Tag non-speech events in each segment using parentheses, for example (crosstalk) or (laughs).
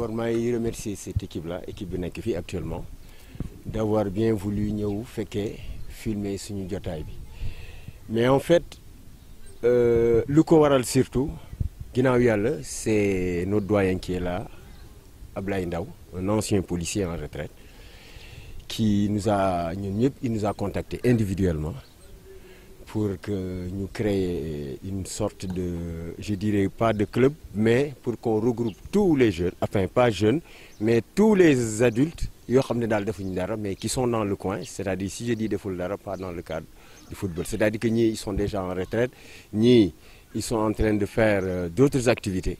d'abord may remercier cet équipe là équipe bi nekk fii actuellement d'avoir bien voulu ñëw fekkee filmer suñu jotaay bi mais en fait euh, lu ko waral surtout ginnaaw yàlla c'est notre doyen qui est là Ablaye Ndaw un ancien policier en retraite qui nous a ñun ñëpp il nous a contacté individuellement pour que ñu crée une sorte de je dirais pas de club mais pour qu'on regroupe tous les jeunes enfin pas jeunes mais tous les adultes yoo xam ne daal defuñu dara mais qui sont dans le coin c'est-à-dire si je dis deful dara pas dans le cadre du football c'est-à-dire que ñii ils sont déjà en retraite ñii ils sont en train de faire euh, d'autres activités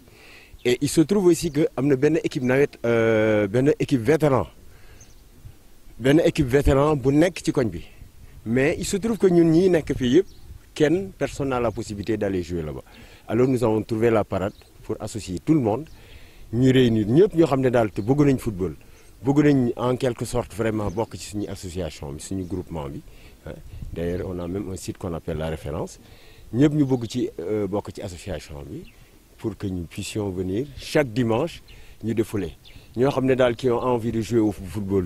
et il se trouve aussi que am na benn équipe nawet euh, benn équipe vétéran benn équipe vétéran bu nekk ci koñ bi mais il se trouve que ñun ñii nekk fii yëpp kenn personne la possibilité d'aller jouer là-bas alors nous avons trouvé la parade pour associer tout le monde ñu réunir ñëpp ñoo xam ne daal te bëgg nañ football bëgg nañ en quelque sorte vraiment bokk ci suñu association bi suñu groupement bi d'ailleurs on a même un site qu'on appelle la référence ñëpp ñu bëgg ci euh, bokk ci association bi pour que nous puissions venir chaque dimanche ñu défouler ñoo xam ne daal qui ont envie de jouer au football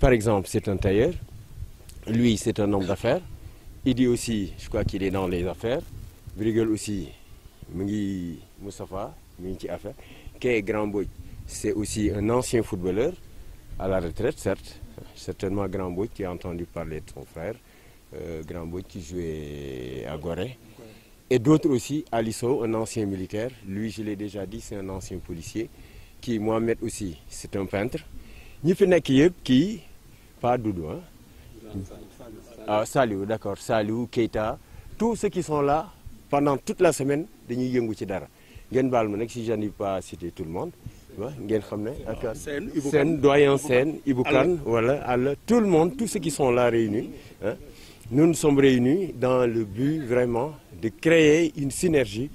par exemple c'est un tailleur Lui, c'est un homme d'affaires. Idi aussi, je crois qu'il est dans les affaires. Briguel aussi, ngi Mungi Moussafa, Mungi Affaires. Kay Grand Boy, c'est aussi un ancien footballeur, à la retraite, certes. Certainement Grand Boy qui a entendu parler de son frère. Euh, Grand Boy qui jouait à Gorée. Et d'autres aussi, Alisso, un ancien militaire. Lui, je l'ai déjà dit, c'est un ancien policier. Qui, Mohamed aussi, c'est un peintre. nekk faisons qui, pas Doudou, hein. ah Saliou d'accord Saliou Keita tous ceux qui sont là pendant toute la semaine dañuy yëngu ci dara ngeen baal ma nag si j'arrive pas à citer tout le monde ngeen xam ne ak seen doyen seen Ibou Kane tout le monde tout ceux qui sont là réunis ah nous nous sommes réunis dans le but vraiment de créer une synergie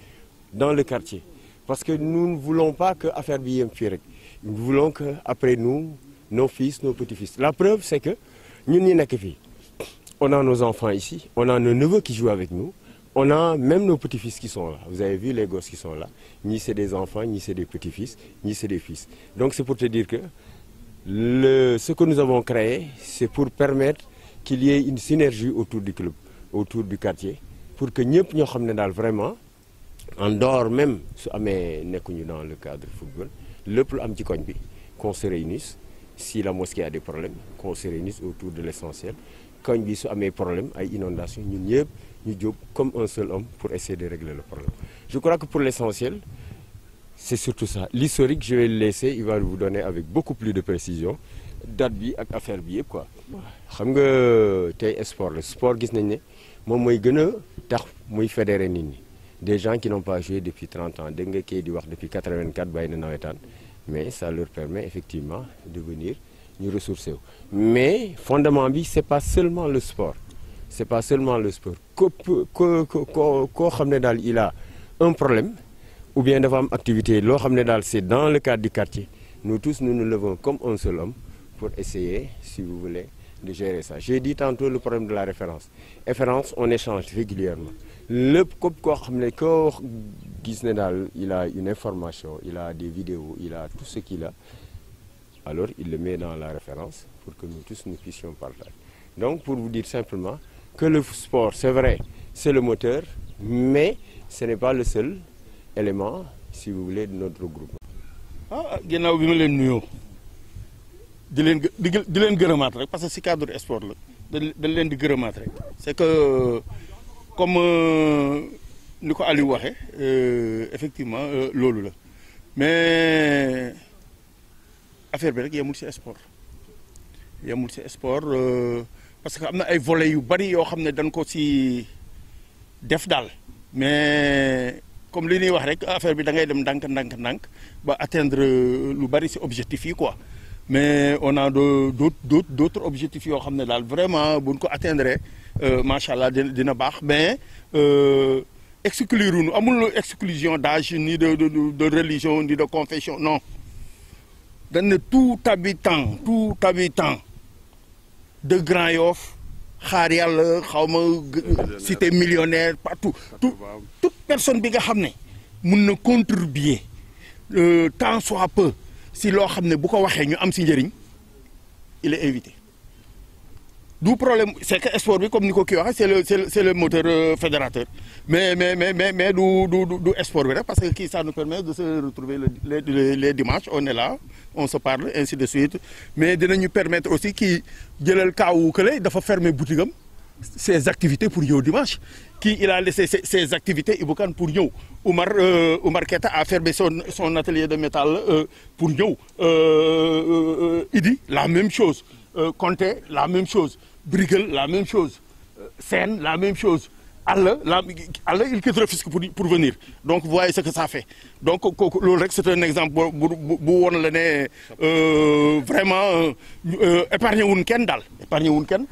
dans le quartier parce que nous ne voulons pas que affaire bi yem fii rek nous voulons que après nous nos fils nos petits-fils la preuve c'est que ñun ñi nekk fii on a nos enfants ici on a nos neveux qui jouent avec nous on a même nos petits-fils qui sont là vous avez vu les gosses qui sont là ñii c'est des enfants ñii c'est des petits-fils ñii c'est des fils donc c'est pour te dire que le ce que nous avons créé c'est pour permettre qu'il y ait une synergie autour du club autour du quartier pour que ñëpp ñoo xam ne daal vraiment en dehors même su amee nekkuñu dans le cadre football lépp lu am ci koñ bi qu'on se si la mosquée a des problèmes qu'on se réunisse autour de l'essentiel koñ bi su amee problème ay inondation ñun ñëpp ñu jóg comme un seul homme pour essayer de régler le problème je crois que pour l'essentiel c'est surtout ça l'historique je vais le laisser il va vous donner avec beaucoup plus de précision date bi ak affaire bi yëpp quoi xam nga tey sport la sport gis nañ ne moom mooy gën a tax muy fédérer nit ñi des gens qui n'ont pas joué depuis 30 ans dégg nga kii di wax depuis 84 bàyyi na nawetaan mais ça leur permet effectivement de venir ñu ressourcer wu mais fondement bi c'est pas seulement le sport c'est pas seulement le sport képp ko ko koo xam ne daal il a un problème ou bien dafa am activité loo xam ne daal c'est dans le cadre du tous nous nous comme un seul homme pour essayer si vous voulez de gérer ça j'ai dit tantôt le problème de la référence référence on échange régulièrement lépp képp koo xam ne koo gis ne daal il a une information il a des vidéos il a tout ce qu'il a il le met dans la référence pour que nous tous nous puissions partager donc pour vous dire simplement que le sport c'est vrai c'est le moteur mais ce n'est pas le seul élément si vous voulez de notre groupe ah ginnaaw bi ma leen nuyoo di leen di leen gërëmaat rek parce que si cadre sport la dañ leen di gërëmaat rek c'est que comme euh, ni ko Aliou waxee euh, effectivement euh, loolu la mais affaire bi rek yemul si sport yemul si sport parce que am na ay vole yu bari yoo xam ne dañ ko si def daal mais comme li nuy wax rek affaire bi dangay dem ndànk ndànk ndànk ba atteindre lu bari si objectif yi quoi mais on a de d' d' autres objectifs yoo xam ne daal vraiment bu ñu ko atteindre euh, macha allah dina dina baax mais euh, exclure nu amul exclusion d' âge ni de de religion ni de confession non dañ ne tout habitant tout habitant de Grand Yoff xaar yàlla xawma ma cité millionnaire partout tout toute personne bi nga xam ne mun na contribuer euh, tant soit peu. si loo xam ne bu ko waxee ñu am si njëriñ il est invité du problème c' est bi comme ni ko kii waxee c' est le c' est le, c' est le moteur euh, fédérateur mais mais mais du du du sport bi rek parce que kii ça nous permet de se retrouver les les, les dimanches on est là on se parle ainsi de suite mais dinañu permettre aussi kii jëlal kaawu kële dafa ferme boutique am ses activités pour ñëw dimanche kii il a laissé ses, activités Ibou Kane pour ñëw Oumar euh, Oumar Keta a fermé son son atelier de métal euh, pour ñëw euh, euh, Idi la même chose euh, Conté la même chose Briguel la même chose Sène la même chose Alla la Alla il quitte Rufisque pour pour venir donc vous voyez ce que ça fait donc kooku loolu rek un exemple bu bu woon la ne vraiment épargner wuñ kenn daal épargner wuñ kenn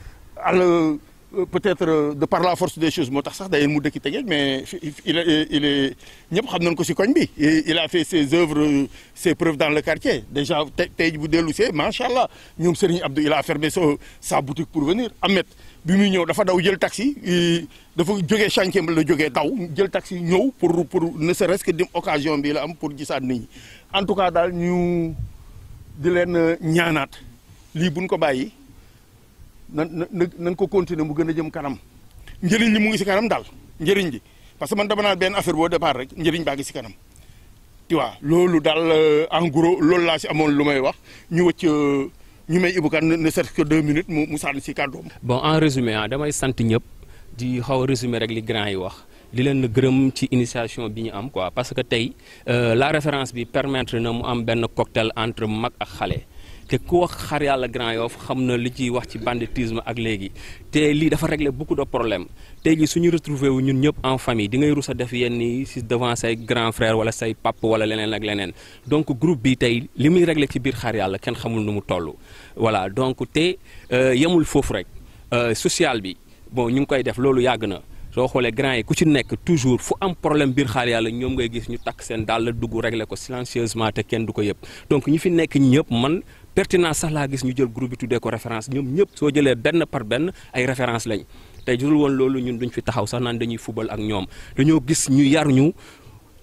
Euh, peut-être euh, de par la force des choses moo tax sax d'ailleurs mu dëkk Tëngéej mais il est euh, il ñëpp xam nañ ko si koñ bi il a fait ses œuvres ses preuves dans le quartier déjà tey tey bu dellu see macha allah ñoom Serigne Abdou il a fermé sa sa boutique pour venir Ahmed bi muy ñëw dafa daw jël taxi dafa jógee chantier la jógee daw jël taxi ñëw pour pour ne serait resque que dim occasion bi la am pour gisaat nit ñi en tout cas daal ñu di leen ñaanaat lii buñ ko bàyyi. na nan nan ko continuer mu gën a jëm kanam njëriñ li mu ngi si kanam daal njëriñ li parce que man dama naan benn affaire boo départ rek njëriñ baa ngi si kanam tu vois loolu daal euh, en loolu laa si amoon lu may wax ñu wëcc euh, ñu may Ibou Kane ne serait-ce que deux minutes mu mu si kàddoom. bon en résumé ah damay sant ñëpp di xaw a résumé rek li grand yi wax. di leen gërëm ci initiation bi ñu am quoi parce que tey euh, la référence bi permettre na mu am benn cocktail entre mag ak xale. te ku wax xar yàlla Grand Yoff xam na li ciy wax ci banditisme ak léegi te lii dafa bu beaucoup de problème te jii suñu retrouver wu ñun ñëpp en famille di ngay rus a def yenn yi si devant say grand frère wala say pap wala leneen ak leneen donc groupe bi tey li muy régler ci biir xar yàlla kenn xamul nu mu toll voilà donc te euh, yemul foofu rek euh, social bi bon ñu ngi koy def loolu yàgg na soo xoolee grand yi ku ci nekk toujours fu am problème biir xaar yàlla ñoom ngay gis ñu takk seen daal la dugg régler ko silencieusement te kenn du ko yëpp donc ñu fi nekk ñëpp man pertinence sax laa gis ñu jël groupe bi tuddee ko référence ñoom ñëpp soo jëlee benn par benn ay référence lañ te jëlul woon loolu ñun duñ fi taxaw sax naan dañuy fubal ak ñoom dañoo gis ñu yar ñu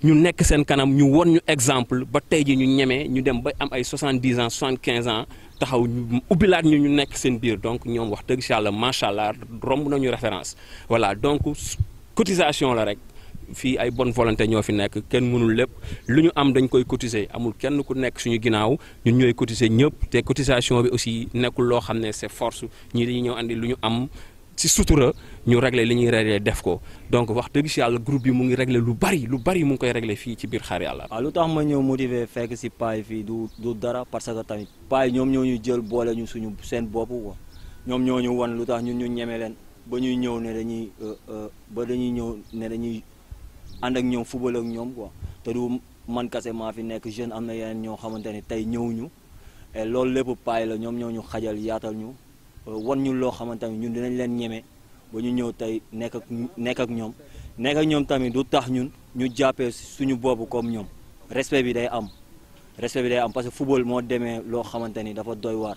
ñu nekk seen kanam ñu won ñu exemple ba tey ji ñu ñemee ñu dem ba am ay soixante dix ans soixante quinze ans taxaw ñu ubbilaat ñu ñu nekk seen biir donc ñoom wax dëgg yàlla macha allah romb nañu référence voilà donc cotisation la rek. fii ay bonne volonté ñoo fi nekk kenn mënul lépp lu ñu am dañ koy cotisé amul kenn ku nekk suñu ginnaaw ñu ñooy cotiser ñëpp te cotisation bi aussi nekkul loo xam ne c'est force ñii dañuy ñëw andi lu ñu am ci sutura ñu régler li ñuy régler def ko donc wax dëgg si yàlla groupe bi mu ngi régler lu bari lu bari mu ngi koy régler fii ci biir xaar yàlla. waaw lu tax ma ñëw motivé fekk si paay fii du du dara parce que tamit paay ñoom ñoo ñu jël boole ñu suñu seen bopp quoi ñoom ñoo ñu wan lu tax ñun ñu ñeme leen ba ñuy ñëw ne dañuy euh, euh, ba dañuy ñëw ne dañuy ànd ak ñoom football ak ñoom quoi te du man kase maa fi nekk jeune am na yeneen ñoo xamante ne tey ñëw ñu loolu lépp paay la ñoom ñoo ñu xajal yaatal ñu. wan ñu loo xamante ni ñun dinañ leen ñeme ba ñu ñëw tey nekk ak nekk ak ñoom nekk ak ñoom tamit du tax ñun ñu jàppee suñu boobu comme ñoom respect bi day am respect bi day am que football moo demee loo xamante ni dafa doy waar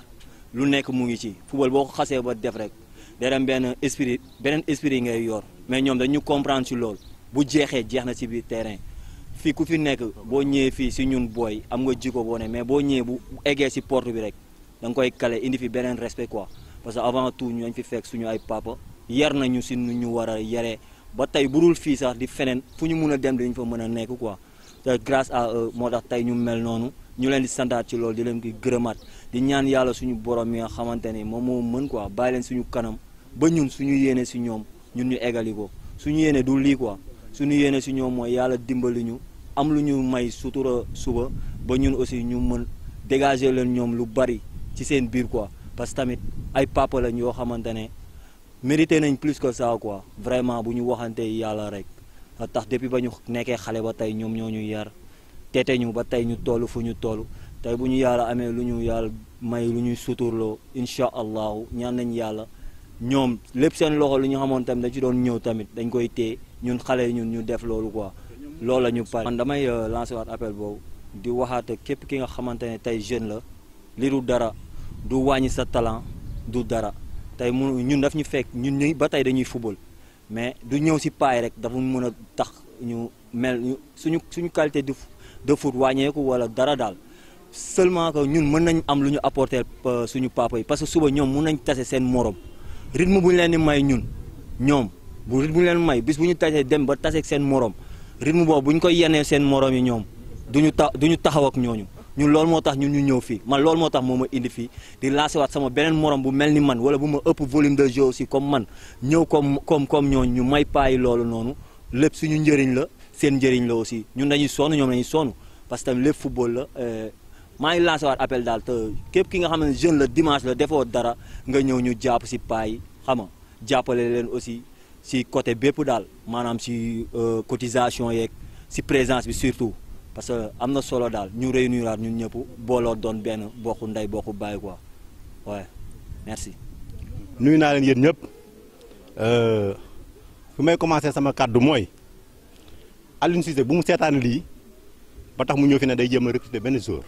lu nekk mu ngi ci football boo xasee ba def rek benn esprit beneen esprit ngay yor mais ñoom dañu comprendre ci loolu bu jeexee jeex na si biir terrain fii ku fi nekk boo ñëwee fii si ñun booy am nga jikko boo ne mais boo ñëwee bu eggee si porte bi rek da nga koy kale indi fi beneen respect parce que avant tout ñu dañ fi fekk suñu ay papa yar nañu si nu ñu war a yaree ba tey budul fii sax di feneen fu ñu mun a dem dañ fa mën a nekk quoi te grâce à eux moo tax tey ñu mel noonu ñu leen di santaat ci loolu di leen koy gërëmaat di ñaan yàlla suñu borom yi nga xamante ni moom moo mën quoi bàyyi leen suñu kanam ba ñun suñu yéene si ñoom ñun ñu eggali ko suñu yéene du lii quoi suñu yéene si ñoom mooy yàlla dimbali ñu am lu ñu may sutura suba ba ñun aussi ñu mën dégager leen ñoom lu bari ci seen biir quoi. parce que tamit ay papa lañ yoo xamante ne mérité nañ plus que saa quoi vraiment bu ñu waxante yàlla rek tax depuis ba ñu nekkee xale ba tey ñoom ñoo ñu yar tete ñu ba tey ñu toll fu ñu tollu tey bu ñu yàlla amee lu ñu yàlla may lu ñuy suturloo incha allahu ñaan nañ yàlla ñoom lépp seen loxo lu ñu xamoon tamit dañ ci doon ñëw tamit dañ koy téye ñun xale yi ñun ñu def loolu quoi loolu la ñu pare. man damay euh, lancer waat appel boobu di waxaat képp ki nga xamante ne tey jeune la li dara. du wàññi sa talant du dara tey mu ñun daf ñu fekk ñun ñu ba tey dañuy football mais du ñëw si paay rek dafa mën a tax ñu mel suñu suñu qualité de de foot wàññeeku wala dara daal seulement que ñun mën nañu am lu ñu apporter euh, suñu papa yi parce que suba ñoom mun nañ tase seen morom rythme bu ñu leen di may ñun ñoom bu rythme bu ñu leen may bis bu ñu tasee dem ba taseeg seen morom rythme boobu bu ñu koy yenee seen morom yi ñoom du ñu tax du ñu taxaw ak ñooñu ñun loolu moo tax ñun ñu ñëw fii man lool moo tax moo ma indi fii di lancé waat sama beneen morom bu mel ni man wala bu ma ëpp volume de jeu aussi comme man ñëw comme comme comme ñooñ ñu may payi loolu noonu lépp suñu njëriñ la seen njëriñ la aussi ñun dañuy sonn ñoom dañuy sonn parce que tamit lépp football la euh, maa ngi lancé waat appel daal te képp ki nga xam ne jeune la dimanche la defoo dara nga ñëw ñu jàpp si paay xama jàppale leen aussi si côté bépp daal maanaam si euh, cotisation yeeg si présence bi surtout parce que am na solo daal ñu réuniraat ñun ñëpp booloo doon benn bokku ndey bokku bàyyi quoi waaye merci. nuyu naa leen yéen ñëpp euh, fu may commencé sama kàddu mooy Aliou Cissé bu mu seetaan lii ba tax mu ñëw fi ne day jéem a recruter benn jour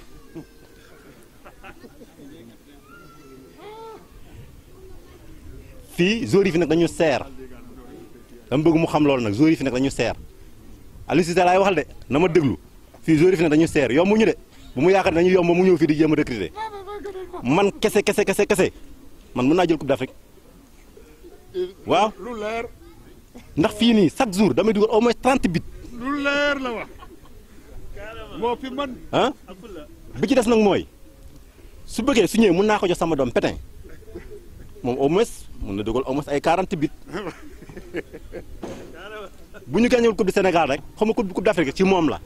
fii jour yi fi nag dañu seer dama bëgg mu xam loolu nag jour yi fi nag dañu seer Aliou Cissé laay wax de na ma déglu. fii joueurs fi ne dañu seer mu ñu de bu mu yaakaar ne dañu yomb mu ñëw fii di jéem a recruter man kese kese kese kese man mun naa jël coupe d'Afrique waaw lu leer ndax fii nii chaque jour damay dugal au moins trente bit lu leer la wax moo fi mën bi ci des nag mooy su bëggee su ñëwee mun naa ko jox sama doom pétin moom au moins mën na dugal au moins ay quarante bit (laughs) bu ñu gàññewul coupe du Sénégal rek xam nga coupe coupe d'Afrique ci moom la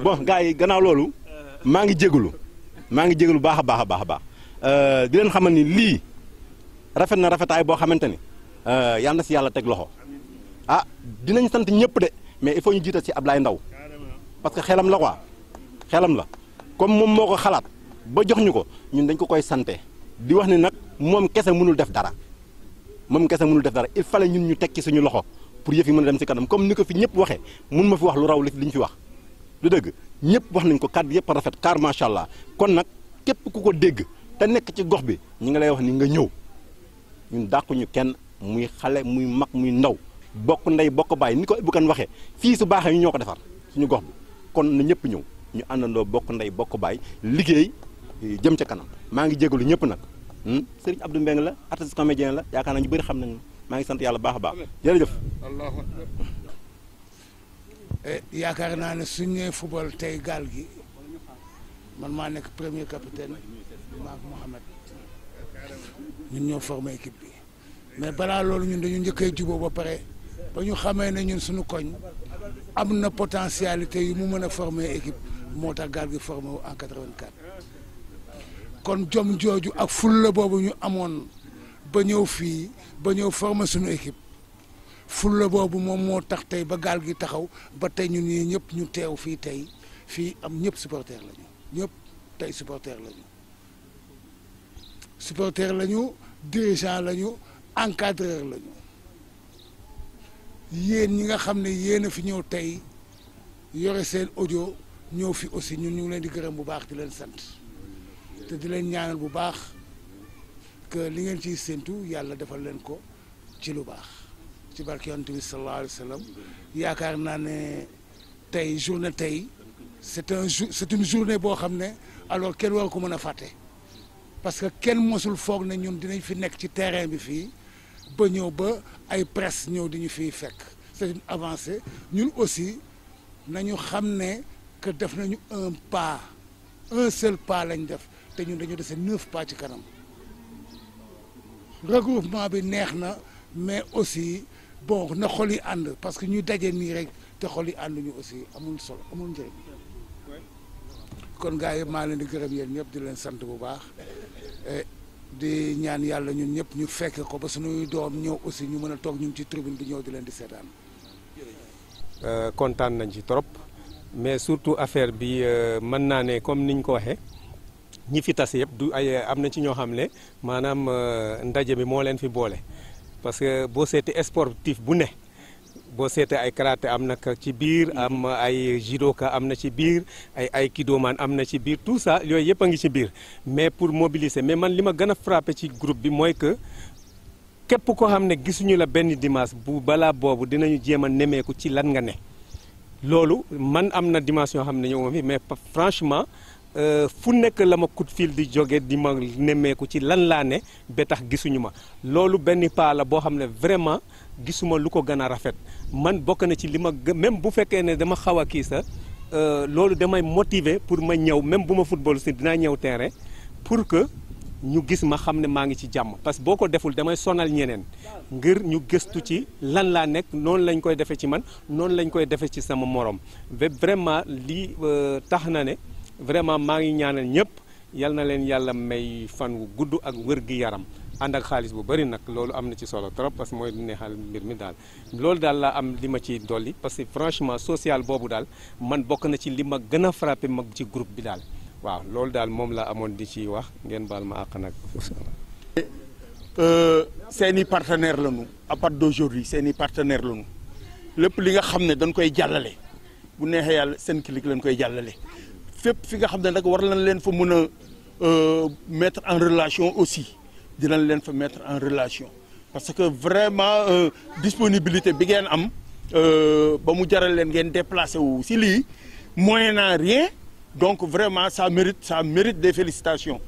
bon gars yi gannaaw loolu maa ngi jégalu maa ngi jégalu baax a baax a baax a baax euh, di leen xamal ni lii rafet na rafetaay boo xamante ni euh, yal si yàlla teg loxo ah dinañ sant ñëpp de mais il faut ñu jiital si Ablaye Ndaw parce que xelam la quoi xelam comme moom moo ko xalaat ba jox ñu ko ñun dañ ko koy sante di wax ni nag moom kese mënul def dara def dara il fallait ñun ñu tekki suñu loxo pour yëf yi mën a dem si kanam comme ni ko fi ñëpp waxee mun ma fi wax lu raw li ñu fi wax lu dëgg ñëpp wax nañ ko kàddu yëpp rafet car macha allah kon nag képp ku ko dégg te nekk ci gox bi ñu ngi lay wax ni nga ñëw ñun dàquñu kenn muy xale muy mag muy ndaw bokk ndey bokk bàyyi ni ko bu kan waxee fii su baaxee ñu ñoo ko defar suñu gox bi kon na ñëpp ñëw ñu àndandoo bokk ndey bokk baay liggéey eh, jëm ca kanam maa ngi jégalu ñëpp nag hmm? Serigne Abdou Mbengue la artiste comédien la yaakaar naa ñu bëri xam nañ maa ngi sant yàlla baax a baax jërëjëf Eh, yaakaar naa ne suñ nee football tey gaal gi man maa nekk premier capitaine maak Mouhamed ñun ñoo formé équipe bi mais balaa loolu ñun dañu njëkkee juboo ba pare ba ñu xamee ne ñun suñu koñ am na potentialité yu mu mën a former équipe moo tax gaal gi formé wu en 84 kon jom jooju ak fulla boobu ñu amoon ba ñëw fii ba ñëw former suñu équipe fulla boobu moom moo tax tey ba gaal gi taxaw ba tey ñu ñii ñëpp ñu teew fii tey fii am ñëpp supporter la ñu ñëpp tey supporter la ñu supporter la ñu dirigeant la ñu encadreur la yéen ñi nga xam ne yéen a fi ñëw tey yore seen audio ñëw fi aussi ñun ñu ngi leen di gërëm bu baax di leen sant te di leen ñaanal bu baax que li ngeen ciy séentu yàlla defal leen ko ci lu baax ci barke yonent bi sallallahu alayhi wa sallam yaakaar naa ne tey journée tey c'est un jour une journée boo xam ne alors kenn war ko mën a fàtte parce que kenn mosul foog ne ñun dinañ fi nekk ci terrain bi fii ba ñëw ba ay presse ñëw di ñu fiy fekk c'est une avancée ñun aussi nañu xam ne que def nañu un pas un seul pas lañ def te ñun dañoo dese neuf pas ci kanam regroupement bi neex na mais aussi bon na xol yi ànd parce que ñuy daje nii rek te xol yi ànd ñu aussi amul solo amul njëriñ kon gaa yi maa leen di gërëm yéen ñëpp di leen sant bu baax eh, di ñaan yàlla ñun ñëpp ñu fekk ko ba suñuy doom ñëw aussi ñu mën a toog ñun ci tribune bi ñëw di leen di seetaan. Euh, kontaan nañ ci trop mais surtout affaire bi euh, mën naa ne comme niñ ko waxee. ñi fi tas yëpp du ay am na ci ñoo xam ne maanaam euh, ndaje bi moo leen fi boole parce que boo seetee sportif bu ne boo seetee ay karaté am na ci biir am ay judoka am na ci biir ay aikidoman am na ci biir tout sax yooyu yëpp a ngi ci biir mais pour mobiliser mais man li ma gën a frappé ci groupe bi mooy que képp koo xam ne gisuñu la benn dimanche bu balaa boobu dinañu jéem a nemeeku ci lan nga ne loolu man am na dimanche yoo xam ne ñëwuma fi mais franchement Euh, fu nekk la ma coup de di jóge di ma nemmeeku ci lan laa ne ba tax gisuñu ma loolu benn pas la boo xam ne vraiment gisuma lu ko gën rafet man bokk na ci li ma même bu fekkee ne dama xaw a kii sa euh, loolu damay motiver pour ma ñëw même bu ma football si dinaa ñëw terrain pour que ñu gis ma xam ne maa ngi ci jàmm parce que boo ko deful damay sonal ñeneen ngir ñu gëstu ci lan laa nekk noonu lañ koy defee ci man noonu lañ koy defee ci sama moroom ba vraiment lii euh, tax na ne. vraiment maa ngi ñaanal ñëpp yal na leen yàlla may fan wu gudd ak wër gi yaram ànd ak xaalis bu bëri nag loolu am na ci solo trop parce que mooy neexal mbir mi daal loolu daal laa am li ma ci dolli parce que franchement social boobu daal man bokk na ci li ma gën a frappé mag ci groupe bi daal waaw loolu daal moom laa amoon di ci wax ngeen baal ma àq nag euh, seen i partenaire la ñu à partir d'aujourd'hui seen i partenaire la lépp li nga xam ne dañ koy jàllale bu neexee yàlla Senclic lañ koy jàllale fépp fi nga xam ne nag war nañ leen fa mën a euh, mettre en relation aussi dinañ leen fa metre en relation parce que vraiment euh, disponibilité bi ngeen am euh, ba mu jaral leen ngeen déplacé wu si lii moyen en rien donc vraiment sa mérite sa mérite des félicitations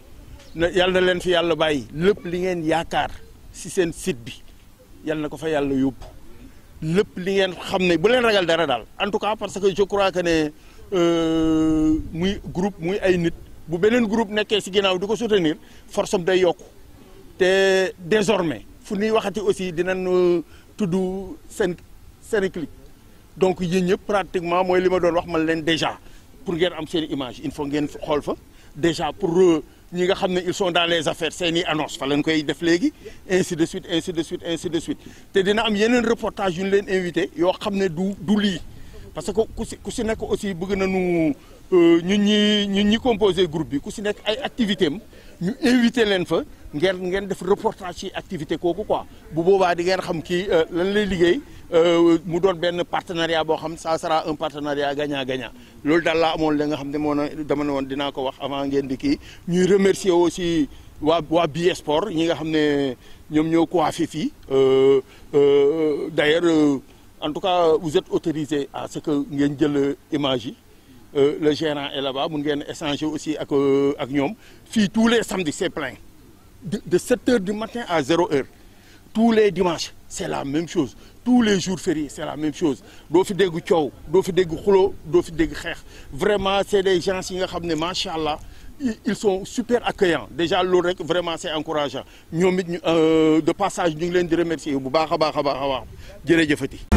na yàlla na leen fi yàlla bàyyi lépp li ngeen yaakaar si seen site bi yàlla na ko fa yàlla yóbbu lépp li ngeen xam ne bu leen ragal dara daal en tout cas parce que je crois que ne Euh, muy groupe muy ay nit bu beneen groupe nekkee si ginnaaw di ko soutenir force day yokku te désormais fu ñuy waxati aussi dinañ euh, tudd seen Sénéclic donc yéen ñëpp pratiquement mooy li ma doon wax man leen déjà pour ngeen am seen image il faut ngeen xool fa déjà pour euh, ñi nga xam ne ils sont dans les affaires seen i annonce fa lañ koy def léegi ainsi de suite ainsi de suite ainsi de suite te dina am yeneen reportage yu ñu leen invité yoo xam ne du du lii parce que ku si si nekk aussi bëgg nañu euh, ñun ñi ñun ñi composé groupe bi ku si nekk ay activité am ñu invité leen fa ngeen ngeen def reportage ci activité kooku quoi bu boobaa di ngeen xam kii euh, lan lay liggéey euh, mu doon benn partenariat boo xam ça sera un partenariat gagnant gagnant loolu daal laa amoon la nga xam ne moo na dama ne woon dinaa ko wax avant ngeen di ki ñuy remercier aussi waa waa bi sport ñi nga xam ne ñoom ñoo coiffé fii d'ailleurs en tout cas vous êtes autorisé à ce que ngeen jël image yi euh, le gérant est là-bas mun ngeen échanger aussi ak euh, ak ñoom fii tous les samedis c'est plein de de sept heures du matin à zéro heure tous les dimanches c'est la même chose tous les jours fériés c'est la même chose doo fi dégg coow doo fi dégg xulo doo fi dégg xeex vraiment c'est des gens yi nga xam ne macha allah ils sont super accueillants déjà loolu rek vraiment c'est encourageant ñoom it ñu euh, de passage ñu ngi leen di remercier bu baax a baax a baax a baax jërëjëfati